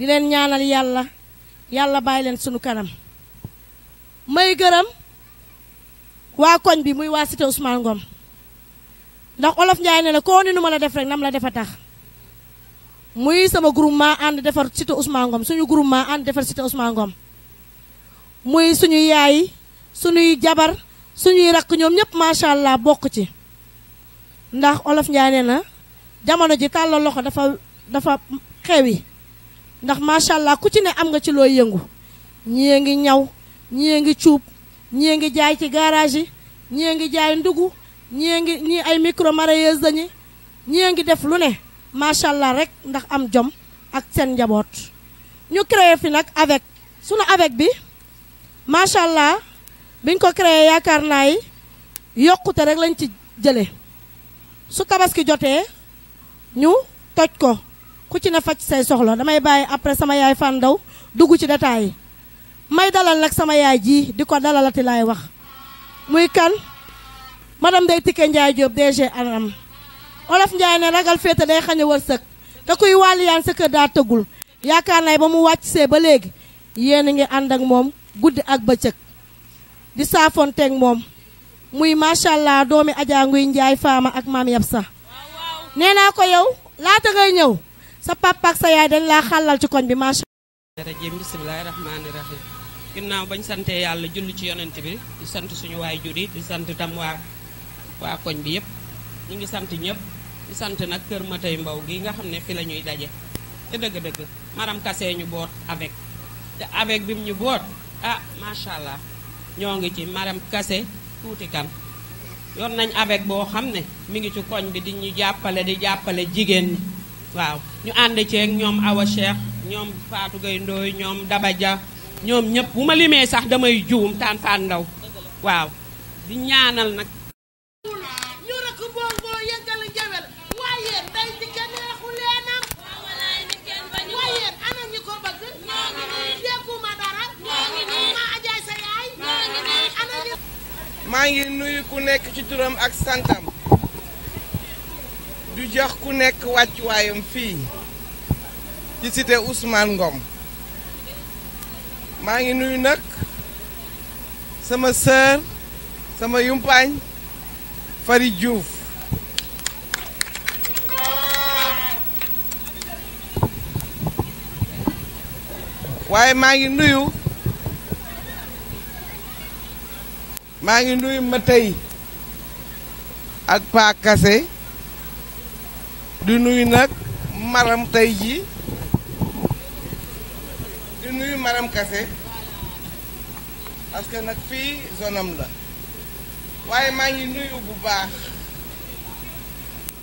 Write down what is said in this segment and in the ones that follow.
di leen ñaanal yàlla yàlla bàyyi leen sunu kanam may gërëm waa koñ bi muy waa cité Ousmane Ngom ndax olof Njaay ne la koo ni nu ma la def rek nam la defa tax muy sama groupement ànd defar cité Ousmane suñu groupement ànd defar cité Ousmane Ngom muy suñuy yaay suñuy jabar suñuy rakk ñoom ñëpp macha allah bokk ci ndax olof Njaay ne na jamono ji tàllal loxo dafa dafa xewi ndax macha allah ku ci ne am nga ci looy yëngu ñii ngi ñaw ñii ngi cuub ñii ngi jaay ci garage yi ñii ngi jaay ndugu ñii ngi ñii ay micro maraîchers dañu ñii ngi def lu ne macha allah rek ndax am jom ak seen njaboot ñu créé fi nag avec sunu avec bi macha allah biñ ko créé yaakaar naa yi yokkute rek lañ ci jële su tabaski jotee ñu toj ko ku ci na faj say soxla damay bàyyi après sama yaay fàndaw dugg ci détails yi may dalal nag sama yaay jii di ko dalalati laay wax muy kan madame day Tické Ndiaye Diop DG ANAM olof Ndiaye ne ragal féete day xañ a wërsëg te kuy wàlliyaan sa kër daa tëggul yaakaar nay ba mu wàcc see ba léegi yéen a ngi ànd ak moom guddi ak bëcëg di saafonteeg moom muy macha allah doomi Adja Nguy njaay faama ak maam Yabsa nee naa ko yow laata ngay ñëw. sa papak sa yaay dañ laa xàllal ci koñ bi macha rajim bismillahi rahmani rahim ginnaaw bañ sante yalla jullu ci yonent bi di sant suñu way juri di sant tam wa waa koñ bi yépp ñi ngi sant ñëpp di sant nag kër tay mbaw gi nga xam fi lañuy ñuy te dëgg-dëgg maram kase ñu boot avec te avec bim ñu boot ah sha allah ñoo ngi ci maram kase tuuti kan yon nañ avec bo xam mi ngi ci koñ bi di ñu jappalé di jappalé jigen waaw ñu ànd ceeg ñoom Awa Cheikh ñoom Fatou Gueye ñoom Daba Dia ñoom ñëpp bu ma limee sax damay juum taan faan ndaw waaw di ñaanal nag ñu rek bongo yëgal njawel waaye day di kenn neexu leenam waaye ana ñi ko bëgg maa ngi nuyu ku nekk ci turam ak santam du jox ku nekk wàccuwaayam fii ci cité Ousmane Ngom maa ngi nuyu nag sama sœur sama yumpaañ Fari Diouf waaye maa ngi nuyu maa ngi nuyu ma tey ak Pa di nuyu nag maram tey jii di nuyu maram kase parce que nag fii zone am la waaye maa ngi nuyu bu baax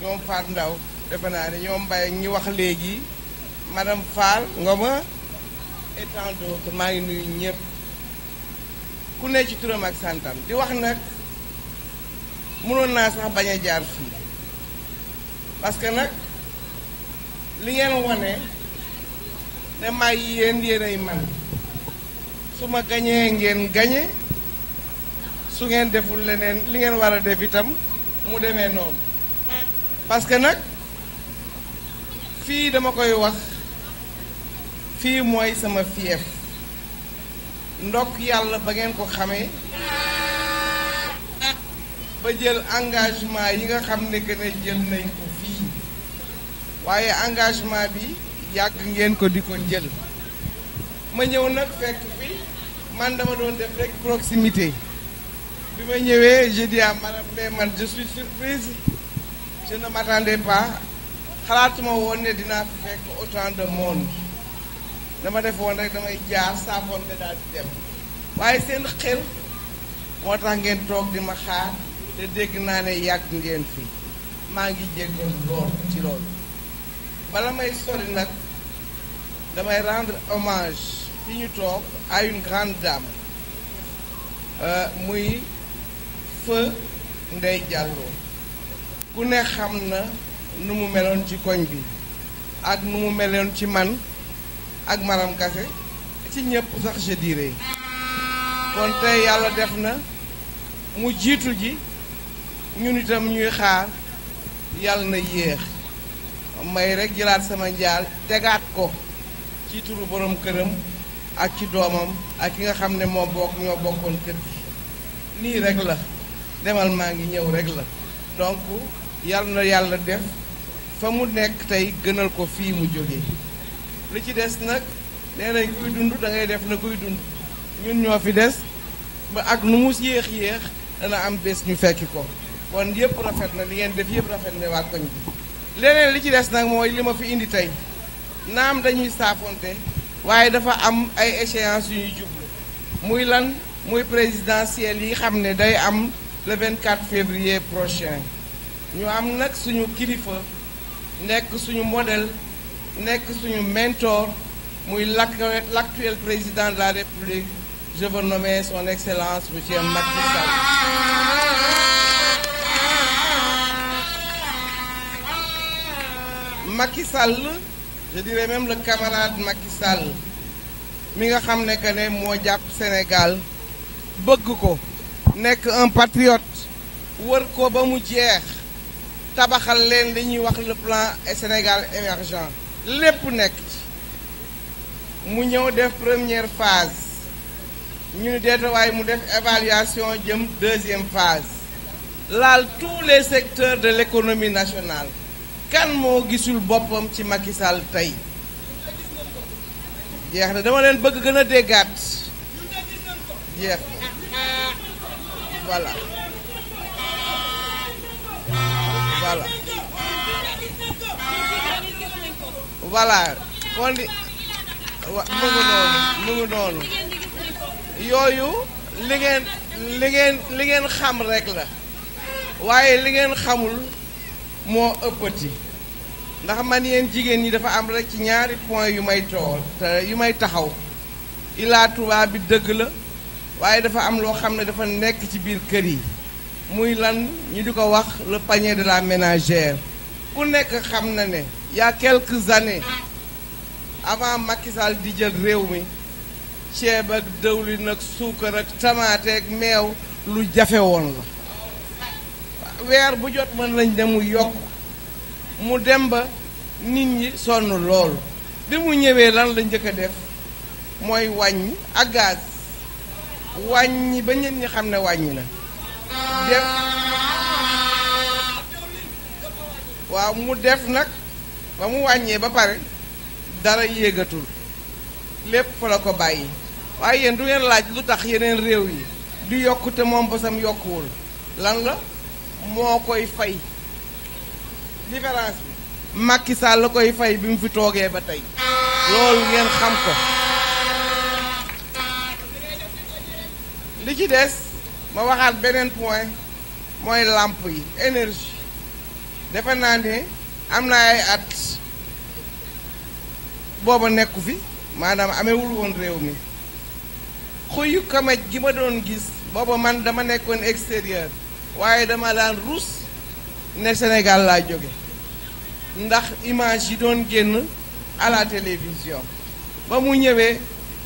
ñoom Faat Ndaw defe naa ne ñoom Mbaye ñi wax léegi madame Fall Ngoma et tant d'autres maa ngi nuyu ñëpp ku ne ci turam ak santam di wax nag mënoon naa sax bañ a jaar fii parce que nak li ngeen wane ne may yéen yéenay man suma ma ganye, ngeen gañe su ngeen deful leneen li ngeen wara def itam mu demee non parce que nak fi dama koy wax fi moy sama fief ndok yalla ba ngeen ko xamee ba jël engagement yi nga xam ne jël nañ ko waaye engagement bi yàgg ngeen ko di ko jël ma ñëw nag fekk fi man dama doon def rek proximité bi ma ñëwee je dis à madame Ndeymane je suis surprise je ne m'attendais pas xalaatuma woon ne dinaa fi fekk autant de monde dama def woon rek damay jaar saafonte daal di dem waaye seen xel moo tax ngeen toog di ma xaar te dégg naa ne yàgg ngeen fi maa ngi jéggal lool ci loolu bala may soli nag damay rendre hommage fi ñu toog à une grande dame euh, muy feu Ndeye jàlloo ku ne xam na nu mu meloon ci koñ bi ak nu mu meloon ci man ak Maram Kassé ci ñëpp sax je dirais tey yàlla def na mu jiitu ji ñun itam ñuy xaar yàlla na yéex may rek jëlaat sama njaal tegaat ko ci turu borom këram ak ci doomam ak ki nga xam ne moo bokk ñoo bokkoon kër gi nii rek la demal maa ngi ñëw rekk la donc yal na yàlla def fa mu nekk tey gënal ko fii mu jóge li ci des nag nee nañ kuy dund dangay def na kuy dund ñun ñoo fi des ba ak nu mu yéex yéex dana am bés ñu fekk ko kon yëpp rafet na li ngeen def yëpp rafet na waa koñ bi leneen li ci des nag mooy li ma fi indi tey naam dañuy saafonte waaye dafa am ay échéances yu ñuy jublu muy lan muy présidentiel yi xam day am le 24 février prochain ñu am nag suñu kilifa nekk suñu modèle nekk suñu mentor muy l'actuel président de la République je veux nommer son excellence monsieur Macky Sall Macky je dirais même le camarade Macky Sall mi nga que Sénégal bëgg ko un patriote qui ko ba mu jeex tabaxal le plan Sénégal émergent qui est ci mu def première phase ñu ne de mu évaluation deuxième phase là tous les secteurs de l'économie nationale kan mo gisul bopam ci Macky Sall tay ya, jeex na dama len bëgg gëna a déggaat jeex ya. voilà voilà voilà kon di mu ngi noonu mu ngi noonu li ngeen li ngeen li ngeen xam rek la waaye li ngeen xamul moo ëppati ndax man yéen jigéen ñi dafa am rek ci ñaari point yu may tool yu may taxaw Ila Touba bi dëgg la waaye dafa am loo xam ne dafa nekk ci biir kër yi muy lan ñu di ko wax le panier de la ménagère ku nekk xam na ne yaa a quelques avant Macky di jël réew mi ceeb ak dëwlin ak suukar ak tamaate ak meew lu jafe woon la weer bu jot mën nañ ne mu yokk mu dem ba nit ñi sonn loolu bi mu ñëwee lan la njëkk a def mooy wàññi ak gaz wàññi ba ñen ñi xam ne wàññi na waaw mu def nag ba mu wàññee ba pare dara yéegatul lépp fa la ko bàyyi waaye yéen du ngeen laaj lu tax yeneen réew yi di yokk te moom basam yokkuwul lan la moo koy fay différence bi Macky Sall la koy fay bi mu fi toogee ba tey loolu ngeen xam ko li ci des ma waxaat beneen point mooy làmp yi énergie defe naa ne am na ay at booba nekku fi maanaam amewul woon réew mi xuyu kamaj gi ma doon gis booba man dama nekkoon extérieur waaye dama daan ruus ne senegal laa jóge ndax image yi doon génn à la télévision ba mu ñëwee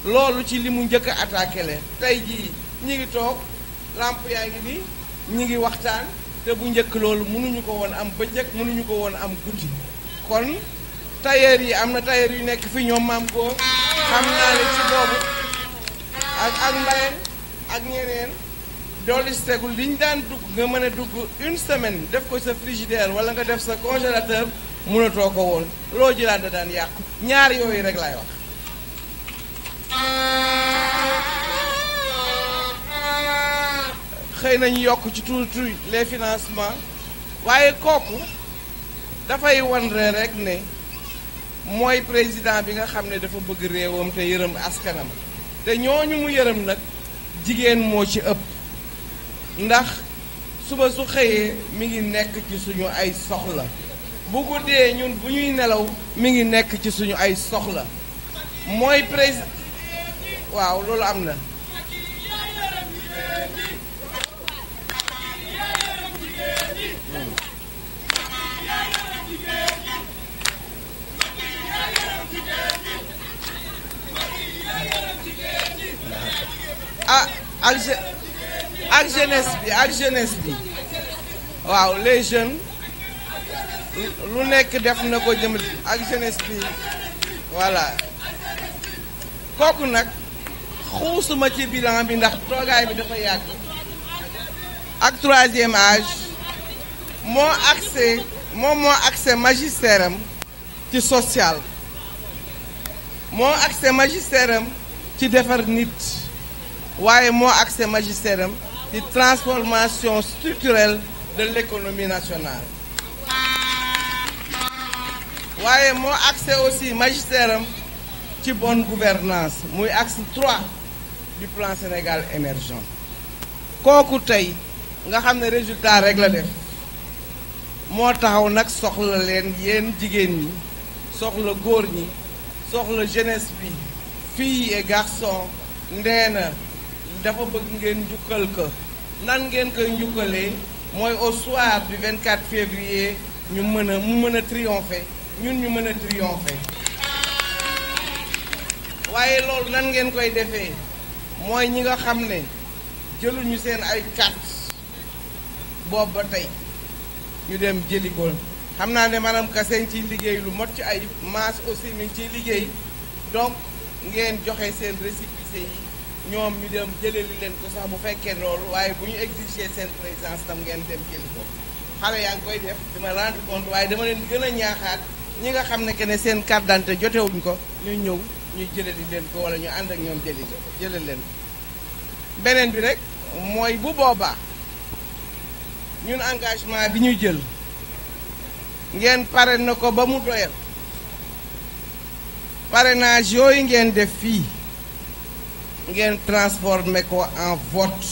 loolu ci li mu njëkk a attaqué leen tey jii ñi ngi toog làmp yaa ngi nii ñi ngi waxtaan te bu njëkk loolu mënuñu ko woon am bëccëg mënuñu ko woon am guddi kon tailleur yi am na tailleur yu nekk fi ñoom maam góor xam naa ne ci boobu ak ak Mbaye ak ñeneen dolli segu li ñu daan dugg nga mën a dugg une semaine def ko sa frigidaire wala nga def sa congélateur mënatoo ko woon loo jëlaat da daan yàqu ñaari yooyu rek laay wax. xëy nañu yokk ci tuuti les financement waaye kooku dafay wan rek ne mooy président bi nga xam ne dafa bëgg réewam te yërëm askanam te ñooñu mu yërëm nag jigéen moo ci ëpp. ndax suba su xëyee mi ngi nekk ci suñu ay soxla bu guddee ñun bu ñuy nelaw mi ngi nekk ci suñu ay soxla mooy président waaw loolu am na ah ak jeunesse bi ak jeunesse bi waaw les jeunes lu nekk def na ko jëm ak jeunesse bi voilà kooku nag xuusuma ci bilan bi ndax toogaay bi dafa yàgg ak troisième âge moo accès moom moo accès magistère ci social moo accès magistère ci defar nit waaye moo accès magistère am la transformation structurelle de l'économie nationale Moi, mo accès aussi magistère bonne gouvernance axe 3 du plan Sénégal émergent tay nga résultat rek la def taxaw soxla filles et garçons dafa bëgg ngeen njukkal ko nan ngeen koy njukkalee mooy au soir du 24 février ñu mën a mu mën a triompher ñun ñu mën a triompher waaye loolu nan ngeen koy defee mooy ñi nga xam ne jëluñu seen ay carte boobu ba tey ñu dem jëli ko xam naa ne maanaam Kassé ci liggéey lu mot ci ay maas aussi mi ciy liggéey donc ngeen joxe seen récépissé yi ñoom ñu dem jëleli leen ko sax bu fekkee loolu waaye bu ñu exiger seen présence tam ngeen dem jëli ko xale yaa ngi koy def dama rendre compte waaye dama leen gën a ñaaxaat ñi nga xam ne que ne seen carte jotewuñ ko ñu ñëw ñu jëleli leen ko wala ñu ànd ak ñoom jëli leen ko beneen bi rek mooy bu boobaa ñun engagement bi ñu jël ngeen pare na ko ba mu doyal naa yooyu ngeen def fii ngeen transport ko en vote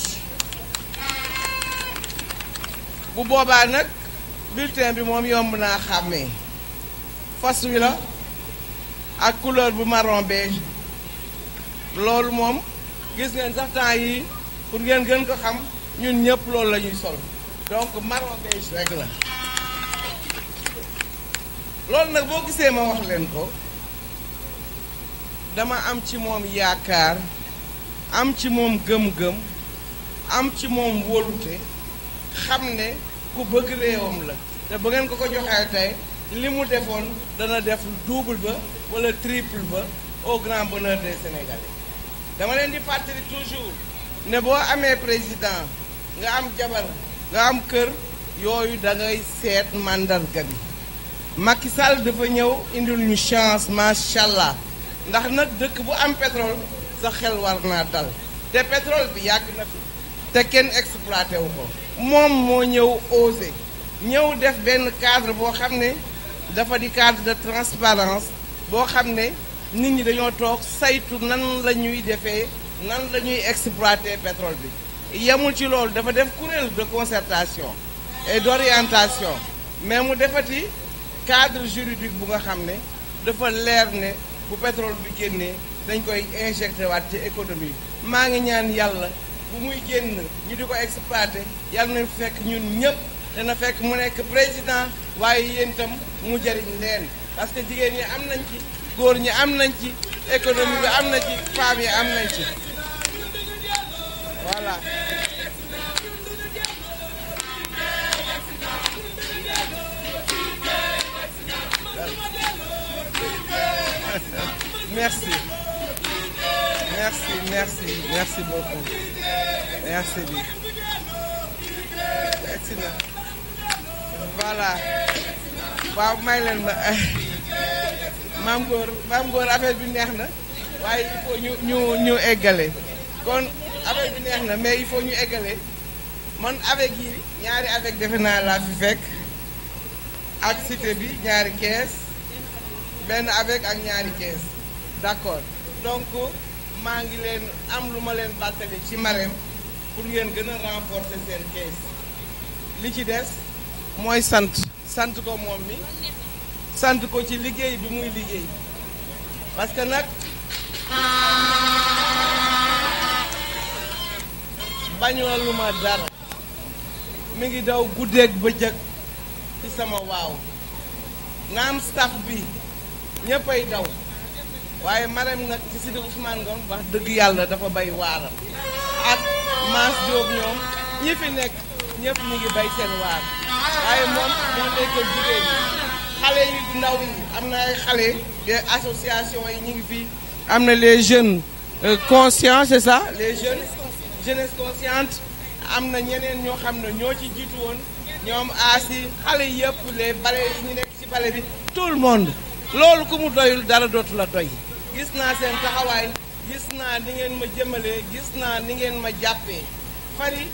bu boobaa nag bulletin bi moom yomb naa xàmmee fas wi la ak couleur bu marron beige loolu moom gis ngeen sax yi pour ngeen gën ko xam ñun ñëpp loolu lañuy sol donc marron beige rek la loolu nag boo gisee ma wax leen ko dama am ci moom yaakaar am ci moom gëm-gëm am ci moom wóolute xam ne ku bëgg réewam la te ba ngeen ko ko joxee tey li mu defoon dana def double ba wala triple ba au grand bonheur des dama leen di fàttali toujours ne boo amee président nga am jabar nga am kër yooyu da ngay seet màndarga bi Macky Sall dafa ñëw indil ñu chance macha allah ndax nag dëkk bu am pétrole sa xel war naa dal te pétrole bi yàgg na fi te kenn exploité wu ko moom moo ñëw osé ñëw def benn cadre boo xam ne dafa di cadre de transparence boo xam ne nit ñi dañoo toog saytu nan la ñuy defee nan la ñuy exploité pétrole bi yamul ci loolu dafa def kuréel de concertation et d'orientation mais mu defati cadre juridique bu nga xam ne dafa leer ne bu pétrole bi génnee dañ koy injecté waat ci économie maa ngi ñaan yàlla bu muy génn ñu di ko exploité yàlla na fekk ñun ñëpp dana fekk mu nekk président waaye yéen mu jëriñ leen parce que jigéen ñi am nañ ci góor ñi am nañ ci économie bi am na ci femmes yi am nañ ci voilà Merci. merci merci merci beaucoup merci merci voilà waaw ma il faut nous égaler. mais il faut nous égaler. man avec yi ñaari avec la avec fi fekk je y bi ñaari suis avec ak ñaari d'accord donc maa ngi leen am lu ma leen bàttali ci Marème pour ngeen gën a renforcer seen kees li ci des mooy sant sant ko moom mi sant ko ci liggéey bi muy liggéey parce que nag bañoo lu ma dara mi ngi daw ba bëccëg ci sama waaw naam staff bi ñëppay daw waaye Marème nag ci Sidi Ousmane Ngom wax dëgg yàlla dafa bay waaram ak Mass Diop ñoom ñi fi nekk ñëpp ñu ngi bay seen waar waaye moom mu nekkal jigéen xale yu ndaw am na ay xale des associations yi ñu ngi fii am na les jeunes euh, conscients c'est ça les jeunes jeunesse consciente am na ñeneen ñoo xam ne ñoo ci jiitu woon ñoom aasi xale yëpp les bale yi ñu nekk ci bale bi tout le monde loolu ku mu doyul dara dootu la doy gis naa seen taxawaay gis naa ni ngeen ma jëmmalee gis naa ni ngeen ma jàppee fari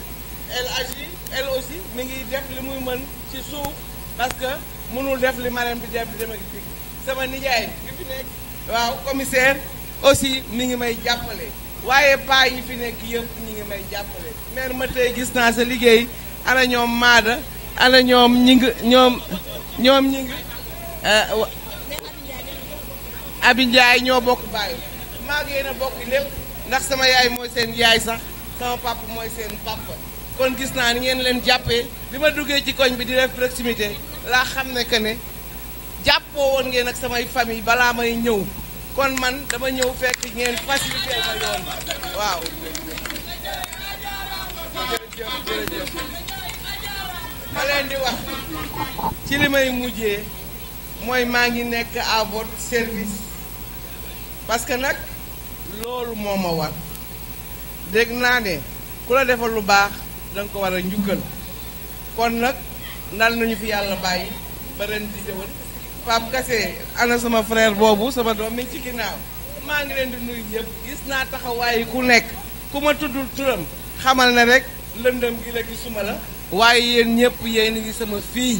elle agit elle aussi mi ngi def li muy mën ci suuf parce que mënul def li marem bi dem dem ak dig sama nijaay bi fi nekk waaw commissaire aussi mi ngi may jàppale waaye paa yi fi nekk yëpp ñi ngi may jàppale maire ma tey gis naa sa liggéey ana ñoom maada ana ñoom ñi ñoom ñoom ñi euh, abi njaay ñoo bokk bàyyi maa ngi yéen a bokk lépp ndax sama yaay mooy seen yaay sax sama papa mooy seen papa kon gis naa ni ngeen leen jàppee bi ma ci koñ bi di def proximité laa xam ne que ne jàppoo woon ngeen ak samay famille balaa may ñëw kon man dama ñëw fekk ngeen facilité ma yoon waaw jërëjëf jërëjëf di wax ci li may mujjee mooy ngi nekk à votre service parce que nag loolu moo ma war dégg naa ne ku la defal lu baax danga ko war a njugal kon nag ndal nañu fi yàlla bàyyi ba ren di déwén Pape Kassé ana sama frère boobu sama doom mi ci ginnaaw maa ngi leen di nuyu ñëpp gis naa taxawaay ku nekk ku ma tuddul turam xamal na rek lëndëm gi la gisuma la waaye yéen ñëpp yéen ngi sama fii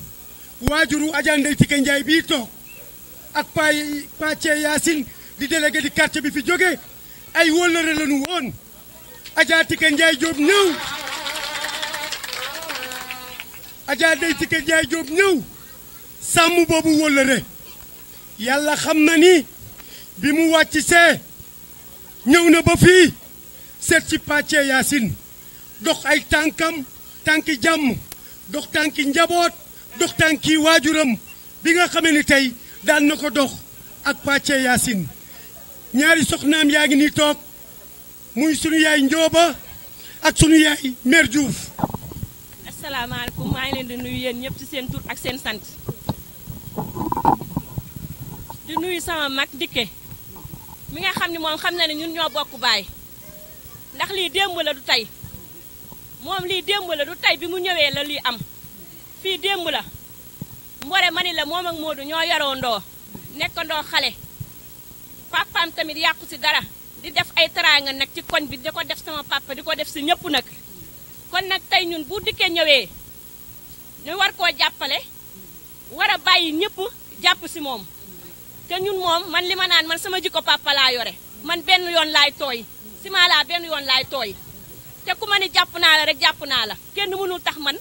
waajuru Adja Ndeye Tické Ndiaye bii toog ak Pa Pa Thie Yacine di délégué di quartier bi fi jógee ay wóllëre lañu woon Adja Tické Ndiaye ñëw sàmm boobu wóllëre yàlla xam na ni bi mu wàcc see ñëw na ba fii set ci Pa yasin dox ay tànkam tànki jàmm dox tànki njaboot dox tanki wajuram bi nga xamé ni tay dal nako dox ak pàcce yassine ñaari soxnam yaa ni tok muy suñu yaay njoba ak suñu yaay mère Diouf. alaykum ma ngi len di nuyu yeen ñepp ci seen tour ak seen sant di nuyu sama mak dikke mi nga xamni mom xamna ni ñun ño bokku bay ndax li démb la du tay mom li démb la du tay bi mu ñëwee la li am. Fi dembu la mbore mani la moom ak Modou ñoo yaroondoo nekkandoo xalé papam tamit yakku ci dara di def ay teraanga nak ci koñ bi di def sama papa di ko def ci ñepp nak kon nak tay ñun bu diké ñëwé ñu war ko jappalé wara bayyi ñepp japp ci mom té ñun mom man lima naan man sama jikko papa layore, yoré man benn yoon lay toy si maa benn yoon lay toy té ku ni la rek japp na la kenn mënul tax man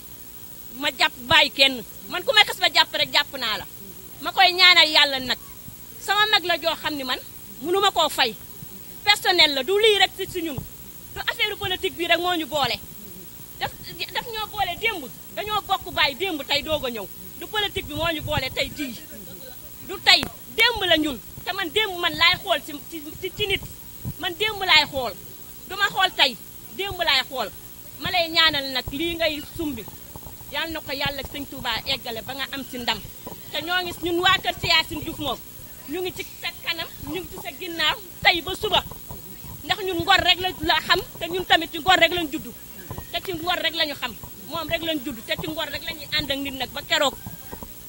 ma jàpp bàyyi kenn man ku may xas ba jàpp rek jàpp naa la ma koy ñaanal yàlla nag sama mag la joo xam ni man mënu ma koo fay personnel la du lii rek ci si ñun du affaire politique bi rek moo ñu boole daf daf ñoo boole démb dañoo bokk baay démb tey doog a ñëw du politique bi moo ñu boole tey jii du tey démb la ñun te man démb man laay xool ci ci ci nit man démb laay xool du ma xool tey démb laay xool ma lay ñaanal nag lii ngay sumbi yalla nako yalla seigne Touba eggale ba nga am ci ndam te ñoo ngi ñun wa kër si Yacine Diouf ñu ngi ci sa kanam ñu ngi ci sa ginnaw tay ba suba ndax ñun ngor rek la xam te ñun tamit ci ngor rek lañu judd te ci ngor rek lañu xam mom rek lañu judd te ci ngor rek lañuy and ak nit nak ba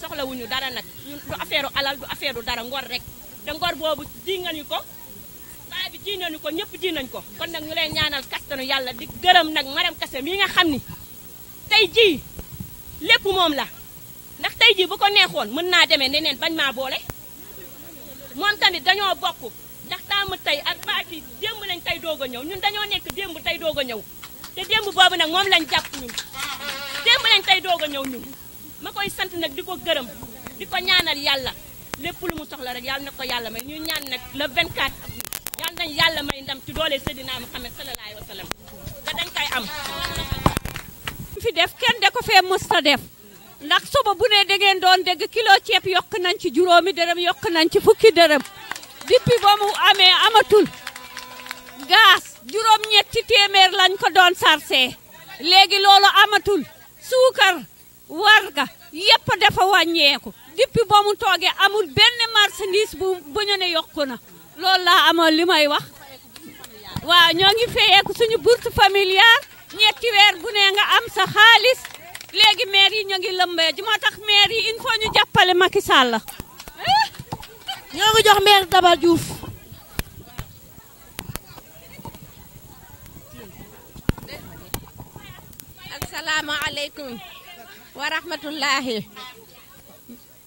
soxla wuñu dara nak ñun du affaireu alal du affaireu dara ngor rek te ngor boobu ji ngañu ko baa bi ji ñu ko ñepp di nañ ko kon nak ñu lay ñaanal kastanu yalla di gëreem nak maram kase mi nga xamni tay ji lépp moom la ndax tey jii bu ko neexoon mën naa demee neneen bañ maa boole moom tamit dañoo bokk ndax taamu tey ak baaki démb lañ tey doog a ñëw ñun dañoo nekk démb tey doog a ñëw te démb boobu nag moom lañ jàpp ñun démb lañ tey doog a ñëw ñun ma koy sant nag di ko gërëm di ko ñaanal yàlla lépp lu mu soxla rek yàlla na ko yàlla may ñu ñaan nag le 24 yàlla yàlla may ndam ci doole Seydina Muhammad sallallahu alayhi wa sallam te dañ koy am fi def kenn de ko fee mës a def ndax suba bu ne da doon dégg kilo ceeb yokk nañ ci juróomi dërëm yokk nañ ci fukki dërëm depuis ba mu amee amatul gaas juróom ñetti téeméer lañ ko doon sarse léegi loolu amatul suukar warga yépp dafa wàññeeku depuis ba mu toogee amul benn marchandise bu bu ñu ne yokku na laa amoon li may wax waaw ñoo ngi feyeeku suñu bourse familiale ñetti wër bu ne nga am sa xaaliss légui maire yi ñu ngi lëmbee ji moo tax maire yi il faut ñu jappalé Macky Sall ñoo ngi jox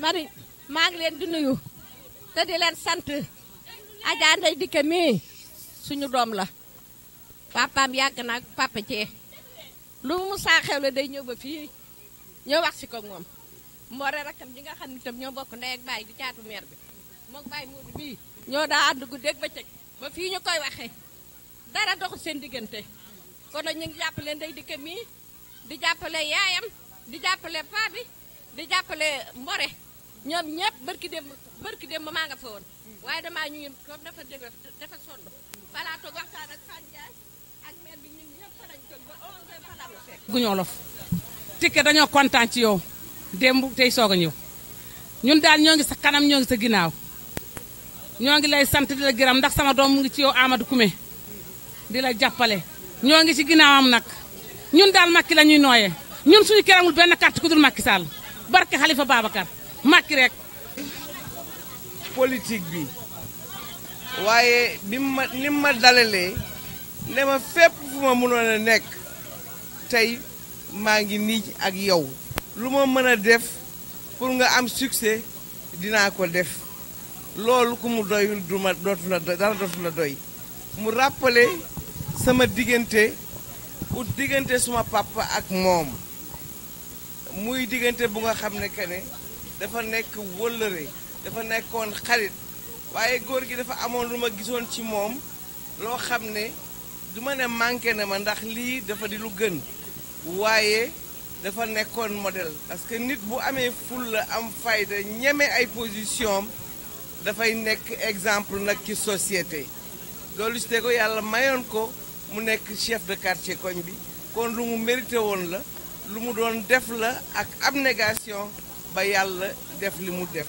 mari mag ngi leen di nuyu te di leen sante Adja ndey suñu dom la papaam yàgg na ak papa jee lu mu saa xewle day ñëw ba fii ñëw wax si ko moom moo re rakkam ji nga xam ne tam ñoo bokk ndey ak baay di caatu meer bi mook baay Moodu bii ñoo daa ànd gu dégg ba cëg ba fii ñu koy waxee gia phụ lấy diggante kon nag ñu ngi jàppale ndey đi gia phụ lấy yaayam di jàppale paa bi di jàppale mbore ñoom ñëpp barki dem barki dem ma maa nga fa woon waaye damaa ñu comme dafa dëgër dafa sonn falaa toog waxtaan ak Fane Ndiaye guñoo lof tikke dañoo kontaan ci yow démb tey soog a ñëw ñun daal ñoo ngi sa kanam ñoo ngi sa ginnaaw ñoo ngi lay sant di la gërëm ndax sama doom ngi ci yow Amadou Koumé di la jàppale ñoo ngi ci ginnaawam nag ñun daal Macky la ñuy nooye ñun suñu keramul benn carte ku dul Macky Sall barke Khalifa Babacar Macky rek politique bi waaye bi ma ni ne ma fépp fu ma mënoon nekk tey maa ngi nii ak yow lu ma mën a def pour nga am succès dinaa ko def loolu ko mu doyul du ma dootu doy mu rappelé sama diggante ut diggante suma papa ak moom muy diggante bu nga xam ne que ne dafa nekk wëllëre dafa nekkoon xarit waaye góor gi dafa amoon lu ma gisoon ci moom loo xam ne du ma ne manqué na ma ndax lii dafa di lu gën waaye dafa nekkoon modèle parce que nit bu amee ful la am fayda ñeme ay position dafay nekk exemple nag ci société Doolou ko yàlla mayoon ko mu nekk chef de quartier koñ bi kon lu mu mérité woon la lu mu doon def la ak ab négation ba yàlla def li mu def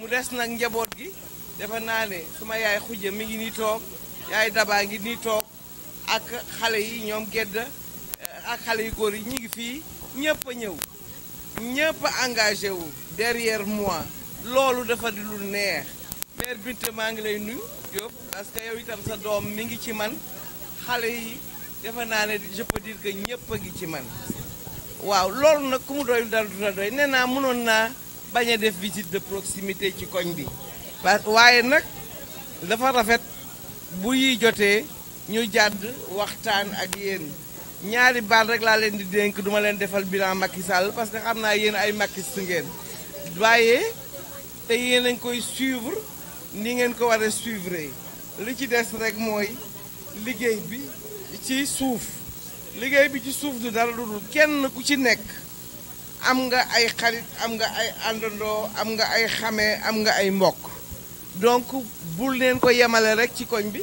mu des nag njaboot gi defe naa ne suma yaay xuja mi ngi ni toog yaay dabaa ngi ni toog ak xale yi ñoom gedd eh, ak xale yu góor yi ñu ngi fii ñëpp ñëw ñëpp a engagé wu derrière mois loolu dafa di lu neex mère Binta maa ngi lay nuyu Diop parce que yow itam sa doom mi ngi ci man xale yi defe naa ne je peux dire que ñëpp a ngi ci man waaw loolu nag ku mu doy dal duna doy nee naa mënoon naa bañ a def visite de proximité ci koñ bi parce waaye nag dafa rafet bu yi jotee ñu jàdd waxtaan ak yéen ñaari baat rek laa leen di dénk duma leen defal bilan Macky Sall parce que xam naa yéen ay Mackiste ngeen waaye te yéen a koy suivre ni ngeen ko war a suivre li ci des rek mooy liggéey bi ci suuf liggéey bi ci suuf du dara dudul kenn ku ci nekk am nga ay xarit am nga ay àndandoo am nga ay xamee am nga ay mbokk donc bul leen ko yemale rek ci koñ bi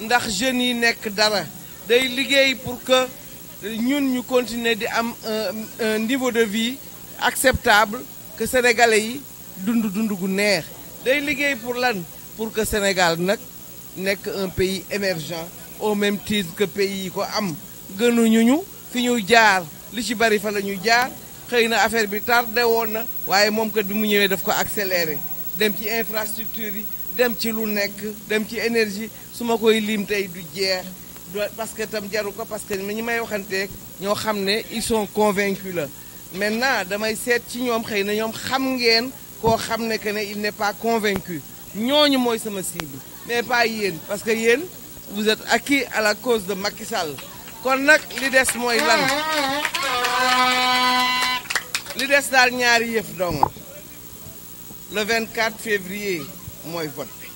ndax jeunes yi nekk dara day liggéey pour que ñun ñu continuer di am euh, un niveau de vie acceptable que sénégalais yi dund dund gu neex day liggéey pour lan pour que Sénégal nag nekk un pays émergent au même titre que pays yi ko am gënuñu ñu fi ñu jaar li ci bari fa la ñu jaar xëy na affaire bi tardé woon na waaye moom kat bi mu ñëwee daf ko accéléré dem ci infrastructure yi dem ci lu nekk dem ci énergie su ma koy lim tey du jeex parce que tam jaru ko parce que ñi may waxanteeg ñoo xam ne ils sont convaincus la maintenant damay seet ci ñoom xëy na ñoom xam ngeen koo xam ne que ne il n'est pas convaincu ñooñu mooy sama cible mais pas yéen parce que yéen vous êtes acquis à la cause de Macky Sall kon nag li des mooy lan li des daal ñaari yëf dong le 24 février Moy vote bi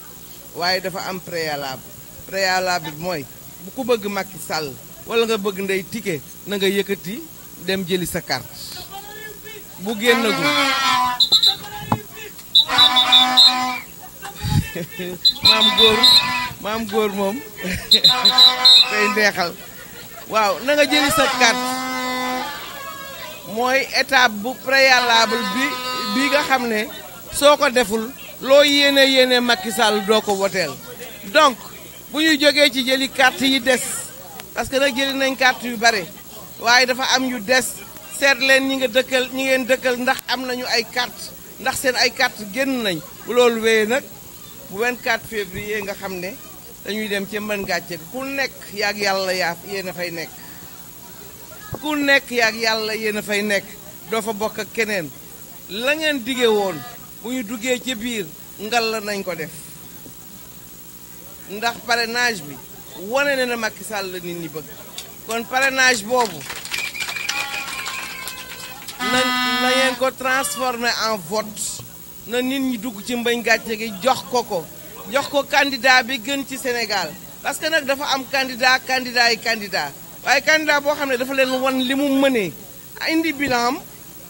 waye dafa am préalable préalable bi mooy bu ko bëgg Macky Sall wala nga bëgg ndey ticket na nga yëkëti dem jëli sa carte bu gennagu mam gor mam gor mom tay ndexal waw na nga jëli sa carte moy étape bu préalable bi bi nga xamné soko deful loo yéene yéene Macky doo ko woteel donc bu ñu jógee ci jëli carte yi des parce que nag jëli nañ carte yu bare waaye dafa am yu des seet leen ñi nga dëkkal ñi ngeen dëkkal ndax am nañu ay carte ndax seen ay carte génn nañ bu loolu wéyee nag bu 24 février nga xam ne dañuy dem ci mën gàcce ku nekk yaag yàlla yaa yéen a fay nekk ku nekk yaag yàlla yéen a fay nekk doo fa bokk ak keneen la ngeen dige woon bu ñu duggee ci biir ngal la nañ ko def ndax parrainage bi wane na Macky Sall la nit ñi bëgg kon parrainage bobu na na yeen ko transformer en vote na nit ñi dugg ci mbañ gatché gi jox ko ko jox ko candidat bi gën ci Sénégal parce que nak dafa am candidat candidat yi candidat waye candidat bo xamné dafa leen won limu mu indi bilan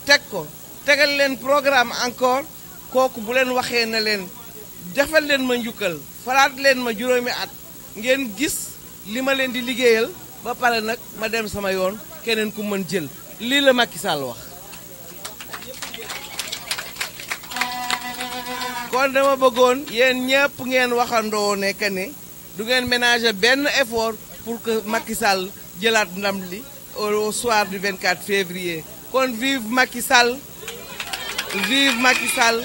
tek ko tegal leen programme encore koku bu len waxe na len defal len ma njukkal meat, len ma at ngeen gis lima len di liggéeyal ba pare nak ma dem sama yoon keneen ku mën jël li la Macky Sall wax kon dama bëggoon yeen ñepp ngeen waxandoo ne ne du ngeen ménager benn effort pour que Macky Sall jëlaat ndam li au soir du 24 février kon vive Macky Sall vive Macky Sall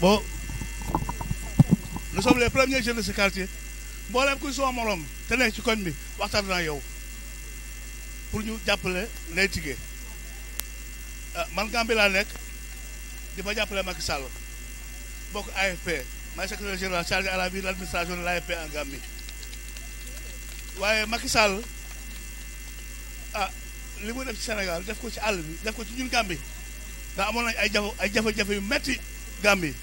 bon nous sommes les premiers jeunes de ce quartier mboolem kuy suma morom te nekk ci koñ bi waxtaan naa yow pour ñu jàppale Ndeye Tické euh, man Gambie laa nekk di fa jàppale Macky Sall bokk AFP maay secrétaire général chargé à la vie de l'administration de l'AFP en Gambie waaye Macky ah, li mu def ci Sénégal def ko ci àll bi def ko ci ñun Gambie ndax amoon nañ ay jafe ay jafe yu metti Gambie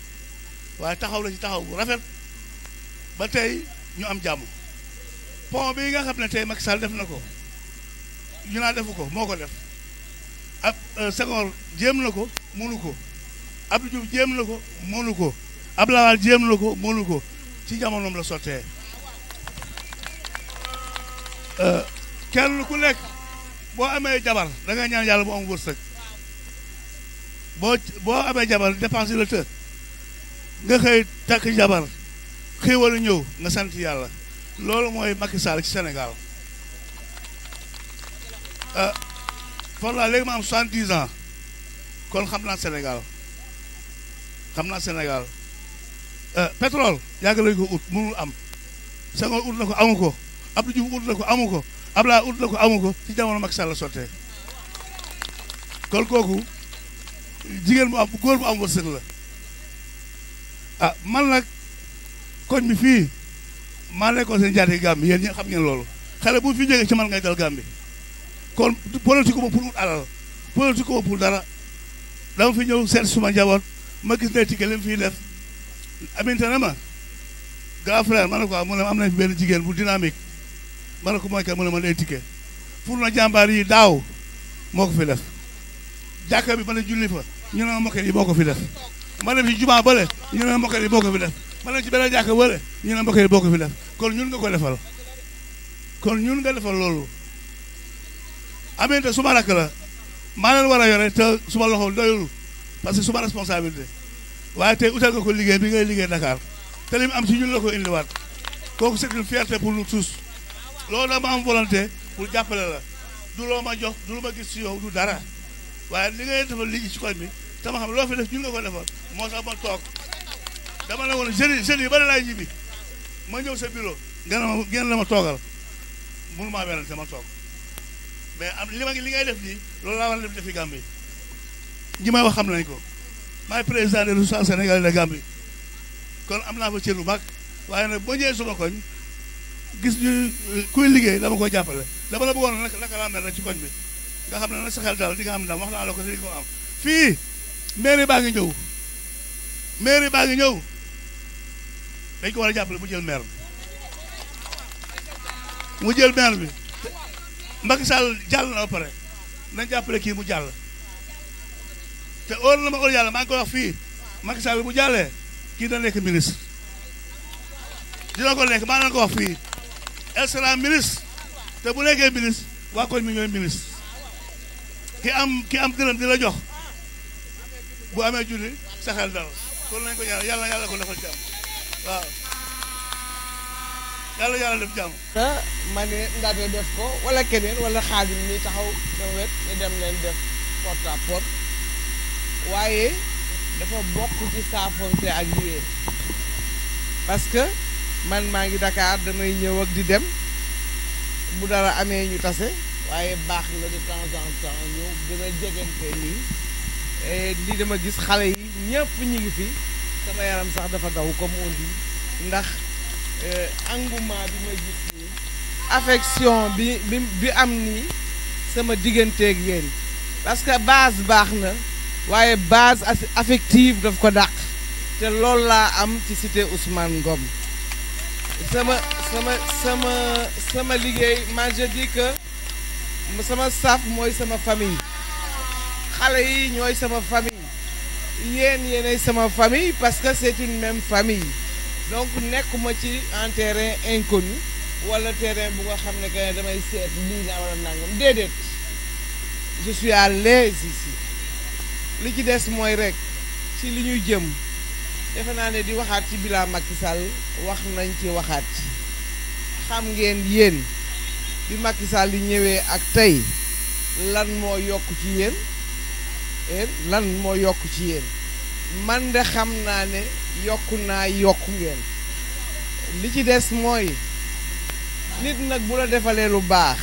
waaye taxaw la ci taxaw bu rafet ba tey ñu am jàmm po bi nga xam ne tey mak Sall def na ko ñu naa defu ko moo ko def ab euh, Senghor jéem na ko mënu ko Abdou Diouf jéem na ko mënu ko Abdoulaye Wade jéem na ko mënu ko ci jamonoom la sottee euh, kenn ku nekk boo amee jabar da ñaan yàlla mu am wërsëg boo boo amee jabar dépense la nga xëy takk jabar xéewal ñëw nga sant yàlla loolu mooy Macky Sall ci Sénégal euh, for la léegi ma am soixante-dix kon xam naa Sénégal xam naa Sénégal euh, pétrole yàgg lañu ko ut mënul am Senghor ut na ko amu ko Abdou Diouf ut na ko amu ko Abdoulaye ut na ko amu ko ci jamono Macky Sall la sottee kon kooku jigéen mu am góor mu am wërsëg la ah man nag koñ bi fii maa nekkoon seen jaati Gàmbi yen ñi xam ngeen loolu xale bu fi jógee ci man ngay dal Gàmbi kon politique ma pour wut alal politique ma pour dara dama fi ñëw seet suma njaboot ma gis ne ticket li fi fiy def aminte na ma grand frère ma ne ko ah, mu ne am nañ fi benn jigéen bu dynamique ma na ko mooy ka mu ne ma day ticket pour na jàmbaar yi daaw moo ko fi def jàkka bi ma ne julli fa ñu ne ma moket yi moo ko fi def ma bi ci jumaa bële ñu ne mbokk yi boo ko fi def ma dem ci beneen jàkk bële ñu ne mbokk yi boo ko fi def kon ñun nga ko defal kon ñun nga defal loolu aminte suma rakk la maa leen war a yore te suma loxo doyul parce que suma responsabilité waaye tey utal nga ko liggéey bi ngay liggéey Dakar te li mu am ci ñun la ko indiwaat kooku c'est une fierté pour nous tous loolu dama am volonté pour jàppale du loo ma jox du lu ma gis si yow du dara waaye li ngay defal li ci koñ bi sama xam loo fi def ñun nga ko defoon moo tax ma toog dama la woon jeunes jeunes yi bari laay ñibbi ma ñëw sa bureau nga ne ma ngeen la ma toogal mënu maa weral sama toog mais am li ma li ngay def nii loolu laa war a def defi Gambie ñi may wax xam nañ ko maay président de l'Union sénégalaise de Gambie kon am naa fa cër bu mag waaye nag boo ñëwee suma koñ gis ñu euh, kuy liggéey dama ko jàppale dama la bëggoon nag naka laa mel rek ci koñ bi nga xam ne nag sa xel daal di nga ndam wax naa la ko si ko am fii mairie baa ngi ñëw mairie baa ngi ñëw dañ ko war a jàppale mu jël maire bi mu jël maire bi Macky Sall jàll na ba pare nañ jàppale kii mu jàll te óor na ma óor yàlla maa ngi koy wax fii Macky Sall bu jàllee kii dina nekk ministre dina ko nekk maa ngi ko wax fii elle sera te bu nekkee ministre waa koñ mi ñooy ministre ki am ki am dërëm di jox bu amee julli sa xel dal loolu lañ ko ñaan yàlla yàlla ko defal jàmm waaw yàlla yàlla def jàmm. ah ma ne def ko wala keneen wala xaadim mi taxaw sa wet ñu dem leen def porte à porte waaye dafa bokk ci saafonte ak yéen parce que man maa ngi dakaar damay ñëw ak di dem bu dara amee ñu tase waaye baax la de temps en temps ñëw gën a Eh, lii dama gis xale yi ñëpp ñu ngi fi sama yaram sax dafa daw ko on dit ndax eh, engouement bi ma gis nii affection bi bi am nii sama digganteek yéen parce que base baax na waaye base affective daf ko dàq te loolu laa am ci cité Ousmane Ngom sama sama sama sama liggéey man je sama staff mooy sama famille xalé yi ñoy sama famille yeen yéenay sama famille parce que c'est une même famille donc nekuma ci en terrain inconnu wala terrain bu nga xamné ne que damay sét li na wala nangam déedéet je suis à l'aise ici li ci des moy rek ci li ñuy jëm defe naa ne di waxat ci bilan Macky Sall wax nañ ci waxat xam ngeen yeen bi Macky Sall di ak tay lan mo yok ci yeen lan moo yokk ci yéen man de xam naa ne yokku naa yokk ngeen li ci des mooy nit nag bu la defalee lu baax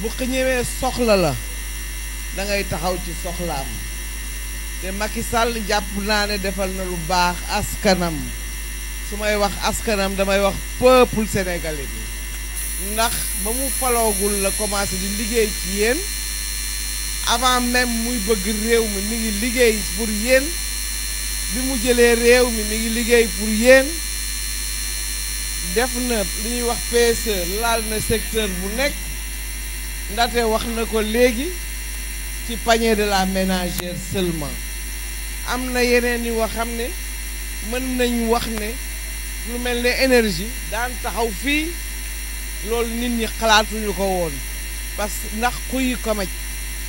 bu xëñëwee soxla la dangay taxaw ci soxlaam te Macky Sall jàpp naa ne defal na lu baax askanam su may wax askanam damay wax peuple sénégalais bi ndax ba mu faloogul la commencé di liggéey ci yéen avant même muy bëgg réew mi mi ngi liggéey pour yéen bi mu jëlee réew mi mi ngi liggéey pour yéen def na li ñuy wax PSE laal na secteur bu nekk ndaxte wax na ko léegi ci panier de la ménagère seulement am na yeneen yu wax xam ne mën nañ wax ne lu mel ne énergie daan taxaw fii loolu nit ñi xalaatuñu ko woon parce que ndax xuy ko maj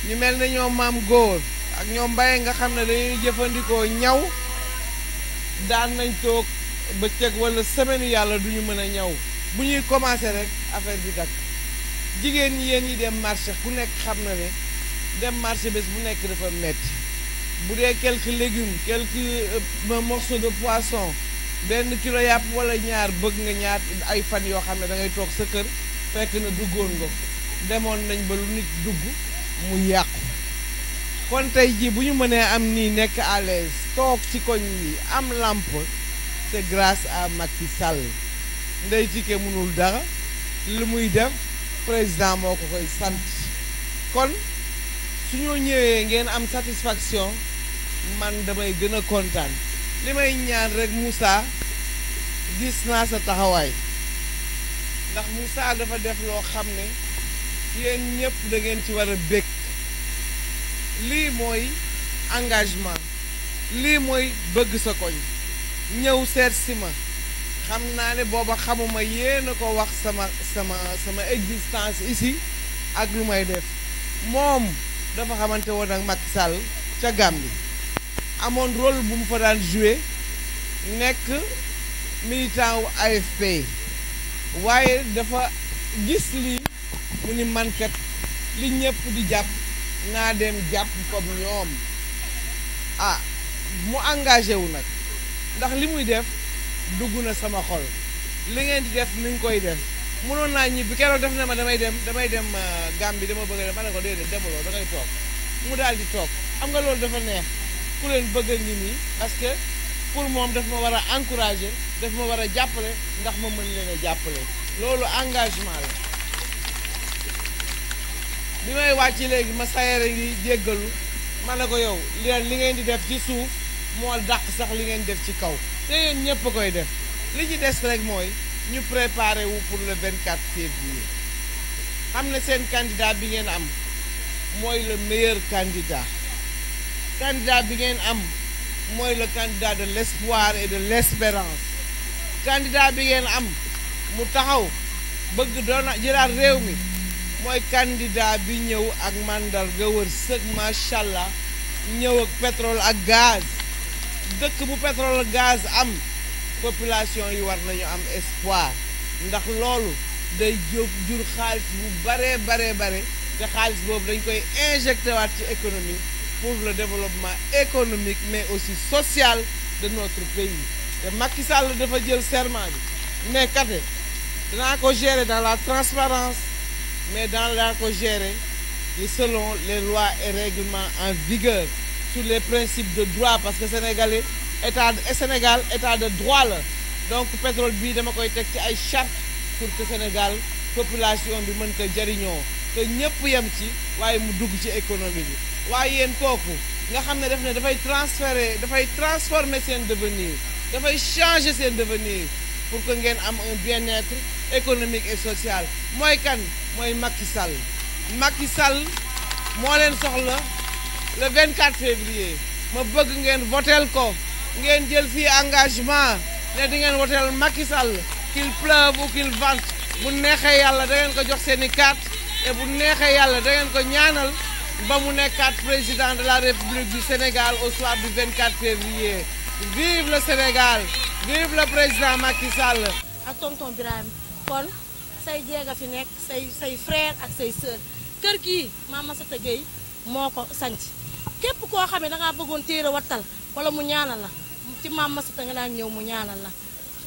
ñu mel na ñoom maam góor ak ñoom Mbaye nga xam ne dañuy jëfandikoo ñaw daan nañ toog bëccëg wala semaine yàlla duñu mën a ñaw bu ñuy commencé rek affaire bi dakk jigéen ñi yéen ñi dem marché ku nekk xam na ne dem marché bés bu nekk dafa metti bu dee quelques légumes quelques euh, morceaux de poisson benn kilo yàpp wala ñaar bëgg nga ñaar ay fan yoo xam ne da ngay toog sa kër fekk na duggoon nga demoon nañ ba lu nit dugg mu yàqu kon tey jii bu ñu mënee am nii nekk à toog ci koñ bi am làmp c'est grâce à Macky sàll Ndeye Tické mënul dara lu muy def président moo ko koy sant kon su ñoo ñëwee ngeen am satisfaction man damay gën a kontaan li may ñaan rek Moussa gis naa sa taxawaay ndax Moussa dafa def loo xam ne yéen ñëpp da ngeen ci war a bég lii mooy engagement lii mooy bëgg sa koñ ñëw seet si ma xam naa ne booba xamuma yéen a ko wax sama sama sama existence ici ak lu may def moom dafa xamante woon ak Macky Sall ca Gambie amoon rôle bu mu fa daan joué nekk militant wu AFP waaye dafa gis lii mu ni mankat li ñëpp di jàpp naa dem jàpp comme ñoom ah mu engagé wu nag ndax li muy def dugg na sama xol li ngeen di def mi ngi koy def mënoon naa ñibbi keroog def na ma damay dem damay dem euh, Gàmbi dama bëgg a dem ma ne ko déedéet demaloo da ngay toog mu daal di toog xam nga loolu dafa neex ku leen bëgg a ngi nii parce que pour moom daf ma war a encourager daf ma war a jàppale ndax ma mën leen a jàppale loolu engagement la bi may wàcc léegi ma sayere yi jéggalu ma ne ko yow leen li ngeen di def ci suuf moo dàq sax li ngeen def ci kaw te yéen ñépp koy def li ci des rek mooy ñu préparé wu pour le 24 février xam ne seen candidat bi ngeen am mooy le meilleur candidat candidat bi ngeen am mooy le candidat de l'espoir et de l'espérance candidat bi ngeen am mu taxaw bëgg doona jëlaat réew mi mooy candidat bi ñëw ak mandarga wërsëg macha allah ñëw ak pétrole ak gaz dëkk bu pétrole ak gaz am population yi war nañu am espoir ndax loolu day jóg jur xaalis bu baree baree bare te xaalis boobu dañ koy injecté waat ci économie pour le développement économique mais aussi social de notre pays te Macky Sall dafa jël serment bi mais kate danaa ko gérer dans la transparence mais dans la gérer selon les lois et règlements en vigueur sur les principes de droit parce que sénégalais état Sénégal état de droit Donc, donc pétrole bi dama koy tek ci charte pour que Sénégal population bi mën ko Nous que ñepp yam ci waye mu dugg ci économie bi waye nga transférer transformer sen devenir changer sen devenir pour que ngeen am un bien-être économique et sociale Moi, kan suis Macky Sall Macky Sall moo leen soxla le 24 février ma bëgg ngeen votel ko ngeen jël fii engagement Vous di ngeen Macky Sall qu'il pleuve ou qu'il vente bu neexee pas. da ngeen ko jox seen carte et bu neexee yàlla da ngeen ko ñaanal ba mu président de la République du Sénégal au soir du 24 février vive le Sénégal vive le président Macky Sall. ton kon say jega fi nek say say frère ak say sœur kër gi mama Masata Gueye moko ko kep ko xamé da nga bëggon téré watal wala mu ñaanal la ci mama sa nga na ñew mu ñaanal la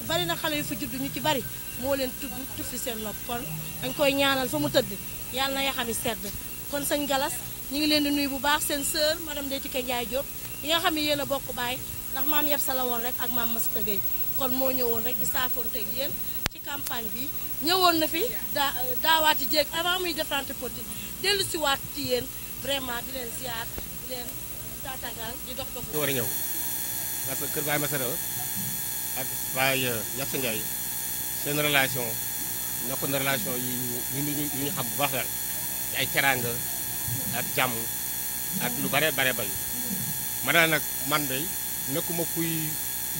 bari na xalé yu fa judd ñu ci bari mo leen tudd tuffi seen lopp kon dañ koy ñaanal fa mu tedd yalla ya yaxam sedd kon sëñ Galas ñi ngi leen di nuyu bu baax seen sœur madame Detike jaay job yi nga xam yeena bokku bay ndax mam yef sala won rek ak mam Masata Gueye kon mo ñewoon rek di saafoonte ak yeen campagne bi ñëwoon na fi daa daawaati jéeg avant muy defante politique dellu si waat ci vraiment di leen ziar di leen taatagal di dox dox war a ñëw parce que Kër Baye Massara ak Baye euh, Yacine Ndiaye seen relation nekk na relation ñu xam bu baax daal ci ak jàmm ak lu bare bare bay man nag man day nekkuma kuy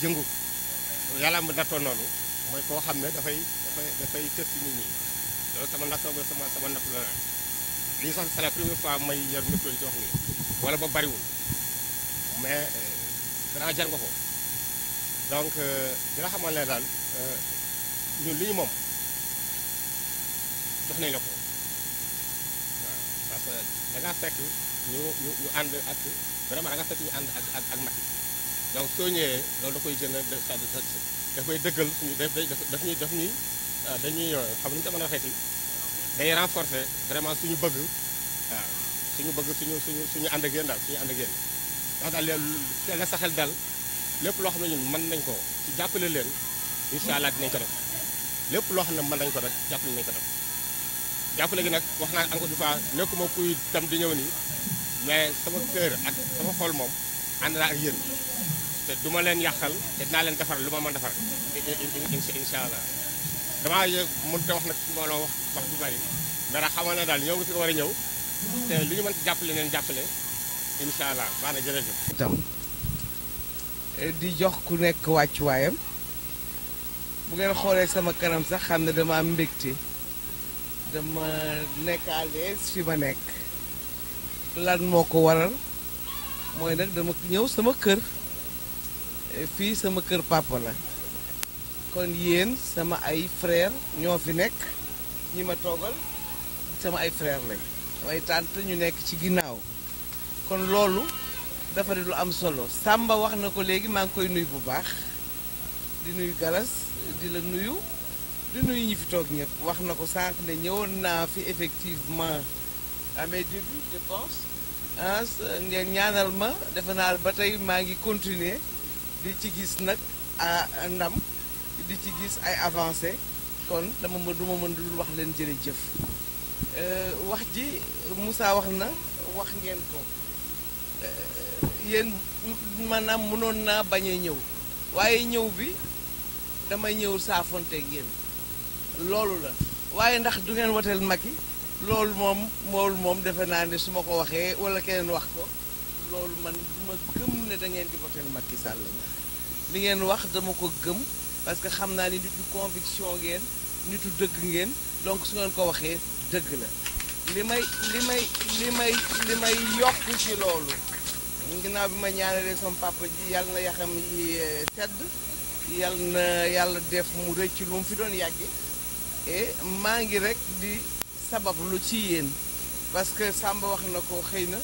yëngu yàlla am nattoon noonu mooy koo xam ne dafay dafay dafay test nit ñi loolu sama natt sama sama natt la lii sax c'est la première fois may yor micro di wax nii wala ba bariwul mais euh, danaa jar nga ko donc euh, dina xamal ne daal euh, ñun ñu moom jox nañ la ko waaw parce que da ngaa fekk ñu ñu ñu ànd ak vraiment da ngaa fekk ñu ànd ak ak ak Macky donc soo ñëwee loolu da koy gën a sa sa da koy dëggal suñu daf daf ñuy daf ah, dañuy euh, xam nu ñu mën a waxeeti day renforcer vraiment suñu bëgg waaw suñu bëgg suñu suñu suñu ànd ak daal suñu ànd ak yéen ndax daal sa xel daal lépp loo xam ne ñu man nañ ko ci jàppale leen incha allah dinañ ko def lépp loo xam ne mën nañ ko rek jàppale nañ ko def jàppale gi nag wax naa encore une fois nekkuma kuy tam di ñëw nii mais sama kër ak sama xool moom ànd naa ak yéen te du leen yàqal te dinaa leen defar lu ma mën defar incha allah damaa mënut a wax nag mbooloo wax bu bari dara xamal na daal ñëw nga war a ñëw te lu jàppale leen jàppale incha allah baax na jërëjëf. Eh, di jox ku nekk wàccuwaayam bu ngeen xoolee sama kanam sax xam ne dama am mbégte dama nekk à l'aise fi ko waral mooy nag ñëw sama kër. Eh, fii sama kër papa la kon yéen sama ay frère ñoo fi nekk ñi ma toogal sama ay freer lañ sama ay ñu nekk ci ginnaaw kon loolu dafa lu am solo sàmba wax na ko léegi maa ngi koy nuyu bu baax di nuyu galas di la nuyu di nuyu ñi fi toog ñëpp wax na ko sanq ne ñëwoon naa fi effectivement à mes débuts je ah, ngeen ñaanal ma defe ba tey maa ngi continuer di ci gis nag a ah, ndam di ci gis ay avancé kon dama ma duma mën dul wax leen jërëjëf euh, wax ji Moussa wax na wax ngeen ko euh, yéen manaam mënoon naa bañ a ñëw waaye ñëw bi damay ñëw saafonteeg yéen loolu la waaye ndax du ngeen woteel Macky loolu moom moolu moom defe naa ne su ma ko waxee wala keneen wax ko loolu man dama gëm ne da ngeen di voté Macky Sall ndax li ngeen wax dama ko gëm parce que xam naa ni nitu conviction ngeen nitu dëgg ngeen donc su ngeen ko waxee dëgg la li may li may li may yokk ci loolu ginnaaw bi ma ñaanalee sama papa ji yàlla na yaxam yi sedd eh, yàlla yàlla def mu rëcc lu mu fi doon yàgge eh, maa ngi rek di sabab lu ci yéen parce que Samba wax na ko xëy na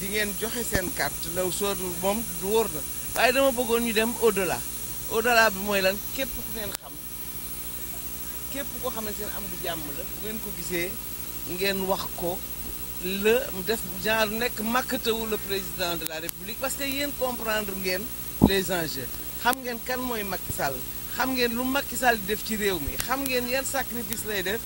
di ngeen joxe seen carte law soor moom du wóor na waaye dama bëggoon ñu dem au delà au delà bi mooy lan képp ku ngeen xam képp koo xam ne seen am du jàmm la bu ngeen ko gisee ngeen wax ko la def genre nekk màkkatawu le président de la république parce que yéen comprendre ngeen les enjeux xam ngeen kan mooy Macky Sall xam ngeen lu Macky Sall def ci réew mi xam ngeen yan sacrifice lay def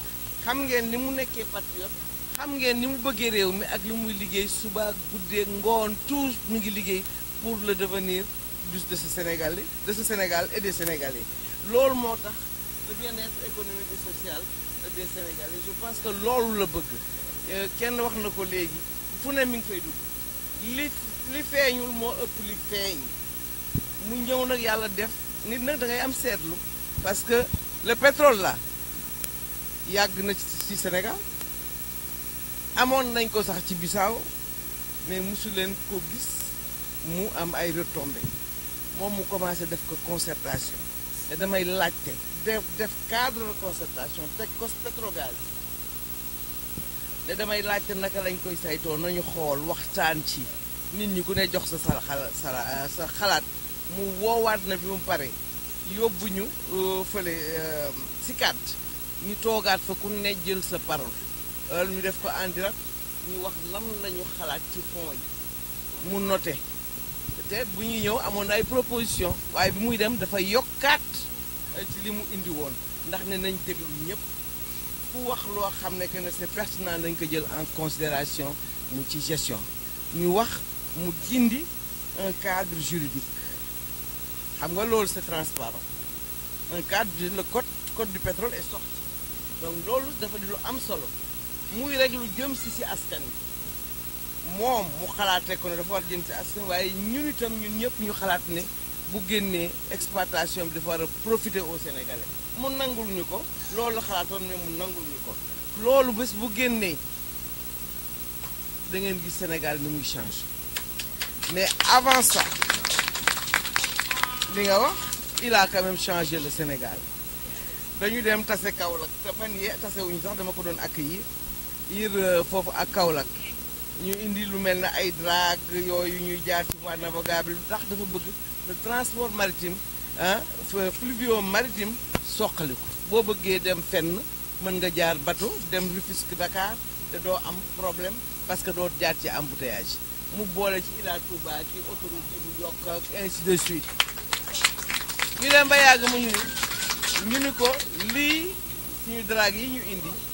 xam ngeen li mu nekkee patriote xam ngeen ni mu bëggee réew mi ak li muy liggéey suba guddee ngoon tous mi ngi liggéey pour le devenir du de ce Sénégal de ce Sénégal et des Sénégalais loolu moo tax le bien-être économique et social des Sénégalais je pense que loolu la bëgg euh, kenn wax na ko léegi fu ne mi ngi fay dugg li li feeñul moo ëpp li feeñ mu ñëw nag yàlla def nit nag da ngay am seetlu parce que le pétrole là yàgg na ci Sénégal amoon nañ ko sax ci Bissau mais mosu leen ko gis mu am ay retombées moom mu commencé def ko concertation te damay laajte def def cadre de concertation teg ko Petrogaz te damay laajte naka lañ koy saytoo nañu xool waxtaan ci nit ñi ku ne jox sa sa xala xalaat mu woowaat na bi mu pare yóbbu ñu euh, fële euh, si kat ñu toogaat fa ku ne jël sa parole. wala ñu def ko en direct ñu wax lan lañu xalaat ci fonds yi mu noté te bu ñu ñëw amoon ay proposition waaye bi muy dem dafa yokkaat ci li mu indi woon ndax ne nañ déglu ñëpp ku wax loo xam ne que ne c'est pertinent dañ ko jël en considération mu ci gestion ñu wax mu dindi un cadre juridique xam nga loolu c'est transparent un cadre le code code du pétrole est sorti donc loolu dafa di lu am solo muy rek lu jëm ci si askan wi moom mu xalaatee ko ne dafa war jëm si askan waaye ñun itam ñun ñëpp ñu xalaat ne bu génnee exploitation bi dafa war a profiter au Sénégalais mu nangul ñu ko loolu la xalaatoon mais mu nangul ñu ko loolu bés bu génnee da ngeen gis Sénégal ni muy changer mais avant ça li nga wax il a quand même changé le Sénégal dañu dem tase Kaolack te fan yee tasewuñu sax dama ko doon accueillir ir euh, foofu ak Kaolack ñu indi lu mel ne ay drague yooyu ñuy jaar ci voie navigable lu tax dafa bëgg le transport maritime ah fluvio maritime soqaliku boo bëggee dem fenn mën nga jaar bateau dem Rufisque Dakar te doo am problème parce que doo jaar ci embouteillage mu boole ci Ila Touba ci autoroute yi mu yokk ak ainsi de suite ñu dem ba yàgg mu ñu ni ñu ni ko lii suñu drague yi ñu indi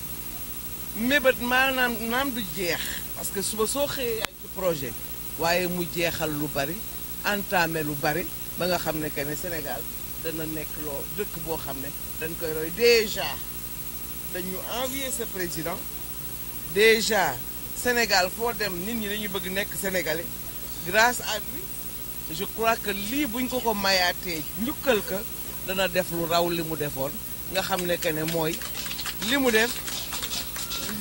Mais je suis du parce que suba soo xëyee projet waaye mu jeexal lu bari entamé lu bari ba nga que Sénégal dañ koy roy déjà dañu président déjà Sénégal dem dañu bëgg sénégalais grâce à lui je crois que lii buñ ko ko mayaatee njukkal ka dana def lu raw li mu nga que li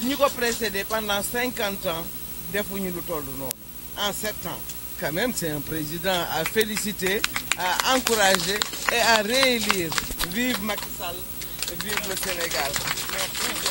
nous avons précédé pendant 50 ans des lu de non en sept ans quand même c'est un président à féliciter à encourager et à réélire vive Macky Sall vive le Sénégal